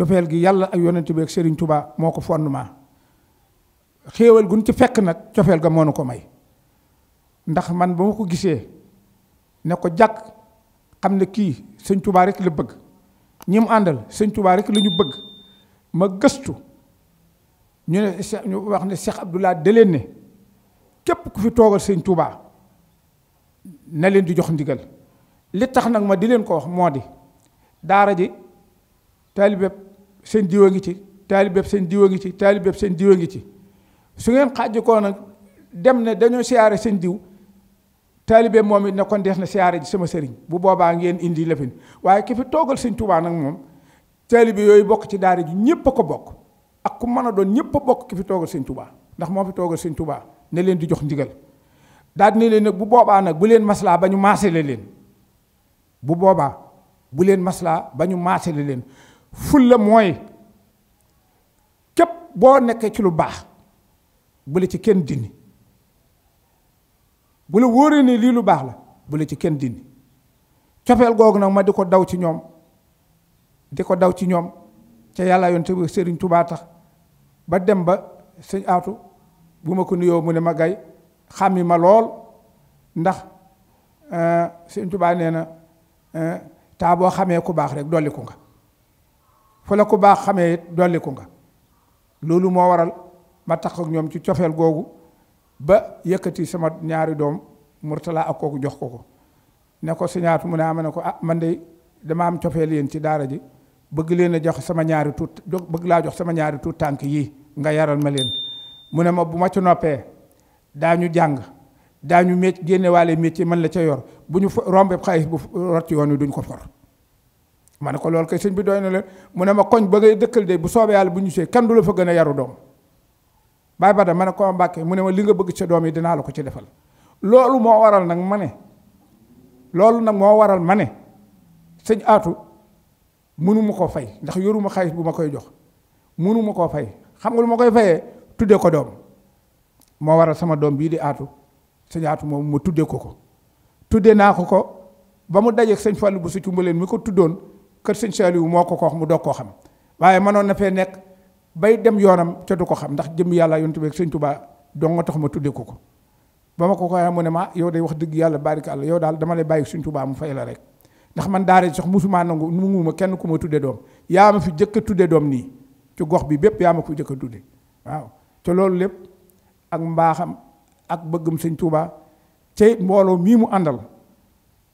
cofeel gi yàlla ak yonent bi ak Serigne tubaa moo ko fondement xéewal gun ci fekk nag cofeel ga moo nu ko may ndax man ba ma ko gisee ne ko jàkk xam ne kii sëñ Touba rek la bëgg ñi àndal sëñ tubaa rekk la ñu bëgg ma gëstu ñu ne ñu wax ne Cheikh Abdoulaye da ne képp ku fi toogal sëñ Touba na leen di jox ndigal li tax nag ma di leen ko wax moo di daara ji taalibe seen a ngi ci taalibeb seen diwa ngi ci taalibeb seen diwa ngi ci su ngeen xàjj koo nag dem ne dañoo siyaare seen diw taalibe moom it ne kon dees na siyaare ji sama sëriñ bu boobaa ngeen indi lëfin waaye ki fi toogal sëñ Tuubaa nag moom taalibe yooyu bokk ci daara ji ñëpp ko bokk ak ku mën a doon ñëpp a bokk ki fi toogal sëñ Tuubaa ndax moo fi toogal sëñ Tuubaa ne leen di jox ndigal daal ne leen nag bu boobaa nag bu leen maslaa ba ñu maasale leen bu boobaa bu leen maslaa ba ñu maasale leen fulla mooy képp boo nekkee ci lu baax bu la ci kenn dindi bu la wóoree ne lii lu baax la bu la ci kenn dindi cofeel googu nag ma di ko daw ci ñoom di ko daw ci ñoom ca yàlla yoon te sëriñ tubaa tax ba dem ba sëñ aatu bu ma ko nuyoo mu ne ma gay xàmmi ma lool ndax euh, sëñ tubaa nee na euh, taa boo xamee ku baax rek dolli ko nga fu la ku baax xamee it dolliku nga loolu moo waral ma tax ak ñoom ci cofeel googu ba yëkkati sama ñaari doom murtala ak kooku jox ko ko ne ko siñaatu mu ne ama ah, ne ko ah man de dama am cofeel yéen ci daara ji bëgg leen jox sama ñaari tuut bëgg laa jox sama ñaari tuut tànk yii nga yaral ma leen mu ne ma bu ma ci noppee daa ñu jàng daañu mécc génne waale métier man la ca yor bu ñu rombe xaalis bu rot yoon wi duñ ko for ma ne ko loolu kay sëñ bi dooy na leen mu ne ma koñ ba ngay dëkkal de bu soobee yàlla bu ñu see kenn du la fa ba ma ne ko mbàkke mu ne ma li bëgg sa doom yi dinaa ko ci defal loolu moo waral nag ma ne loolu nag moo waral ma ne sëñ aatu mënuma koo fay ndax yoruma xaalis bu ma koy jox mënuma koo fay xam lu ma koy fayee tuddee ko doom moo waral sama doom bii di aatu sëñ aatu moom tuddee ko ko tuddee naa ko ko ba mu dajeeg sëñ Fallou bu su cumbaleen mi ko tuddoon kër sëñ Saliou moo ko ko wax mu doog koo xam waaye manoon na fee nekk bay dem yoonam ca du ko xam ndax jëm yàlla yonent bi ak sëñ Tuubaa dong nga tax ma tuddee ko ko ba ma ko ko waxee mu ne ma yow day wax dëgg yàlla bari barika àlla yow daal dama lay bàyyi sëñ Tuubaa mu fay la rek ndax man daa daara sax musuma nangu nu ma kenn ku ma tuddee doom yaa ma fi jëkk tuddee doom nii ci gox bi bépp yaama ma fi jëkk a tuddee waaw te loolu lépp ak mbaaxam ak bëggum sëñ Tuubaa te mbooloo mii mu àndal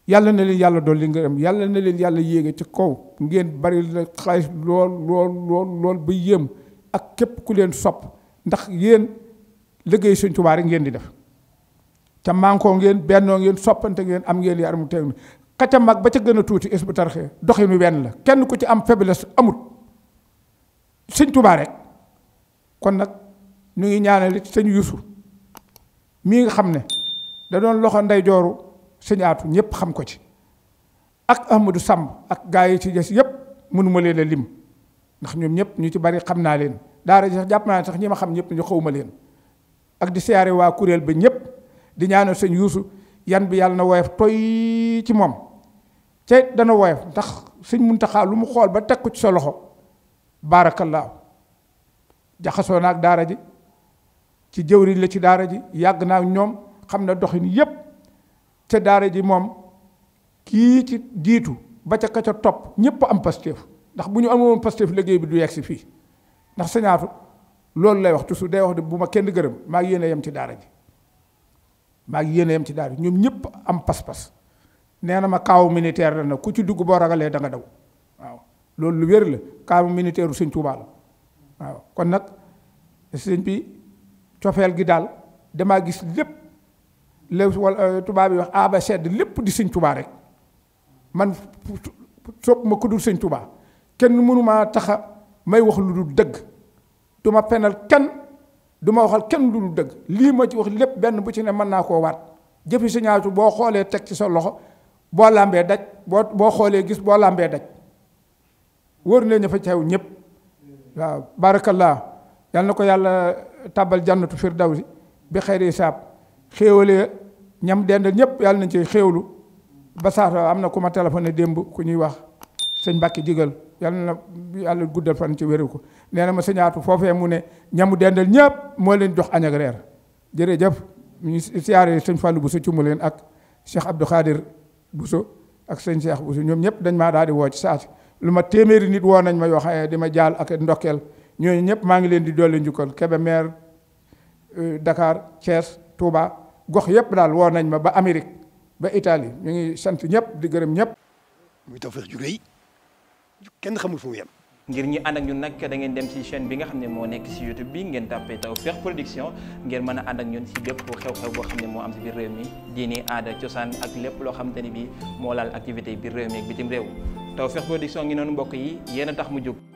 yàlla na leen yàlla dolli ngërëm yàlla na leen yàlla yéege ci kaw ngeen bari la xaalis lool lool lool lool ba yéem ak képp ku leen sopp ndax yéen liggéey Sëñ Tuubaa rek ngeen di def ca mànkoo ngeen bennoo ngeen soppante ngeen am ngeen yaramu mu ka ca mag ba ca gën a tuuti is bu tarxee doxinu wenn la kenn ku ci am faiblesse amut Sëñ Tuubaa rek kon nag ñu ngi ñaanal it Sëñ Yuusu mii nga xam ne da doon loxo ndeyjooru sëñaatu Aatu ñëpp xam ko ci ak Ahmadou Samb ak gaa yi ci des yëpp mënuma leen a lim ndax ñoom ñëpp ñu ci bari xam naa leen daara sax jàpp naa ne sax ñi xam ñëpp ñu xawma leen ak di siyaare waa kuréel bi ñëpp di ñaanal sëñ Yuusu yan bi yàlla na woyof toy ci moom te dana woyof ndax sëñ Muntaxa lu mu xool ba teg ko ci sa loxo baarakallaahu jaxasoo naag daara ji ci jëwriñ la ci daara ji yàgg naa ñoom xam na doxin yëpp te daara ji moom kii ci jiitu ba ca ka ca topp ñëpp am Pastef ndax bu ñu amoon Pastef liggéey bi du yegg si fii ndax sañaatu loolu lay wax toujours day wax de bu ma kenn gërëm maa ngi yéene yem ci daara ji maa ngi yem ci daara ji ñoom ñëpp am pas-pas nee na ma kaawu militaire la na ku ci dugg boo ragalee da nga daw waaw loolu lu wér la kaawu militaire sëñ Tuubaa la waaw kon nag sëñ bi cofeel gi daal damaa gis lépp. le wala euh, tubaab yi wax aba sedd lépp di sëñ tubaa rek man sopp ma ku dul sëñ tubaa kenn mënumaa taxa may wax lu dul dëgg du ma penal kenn du ma waxal kenn lu dul dëgg lii ma ci wax lépp benn bu ci ne mën naa koo waat jëfi siñaatu boo xoolee teg ci sa loxo boo làmbee daj boo boo xoolee gis boo làmbee daj wóor na ña fa teew ñëpp waaw barakallah yal na ko yàlla tàbbal jannatu firdawsi bi xeyri saab xéewalee ñam dendal ñëpp yàlla nañ ci xéewlu ba saata am na ku ma téléphoné démb ku ñuy wax sëñ mbakki Jigal yàlla na yàlla guddal fan ci wéru ko nee na ma sëñaatu foofee mu ne ñamu dendal ñëpp moo leen jox añ ak reer jërëjëf ñu siyaare sëñ Fallou Bousso cumba leen ak Cheikh Abdou bu Bousso ak sëñ bu Bousso ñoom ñëpp dañ maa daal di woo ci saasi lu ma téeméeri nit woo nañ ma yoo xam di ma jaal ak ndokkeel ñooñu ñëpp maa ngi leen di doole njukkal Kébémer euh, Dakar Thiès Touba gox yëpp daal woo nañ ma ba Amérique ba Italie ñu ngi sant ñëpp di gërëm ñëpp. muy Tawfekh ju rëy kenn xamul fu mu yem. ngir ñi ànd ak ñun nag da ngeen dem ci chaîne bi nga xam ne moo nekk ci YouTube bi ngeen tàppee Tawfekh Production ngeen mën a ànd ak ñun ci bépp xew-xew boo xam ne moo am ci biir réew mi diini aada cosaan ak lépp loo xamante ni bi moo laal activité biir réew mi ak bitim réew Tawfekh Production ngi noonu mbokk yi yéen a tax mu jóg.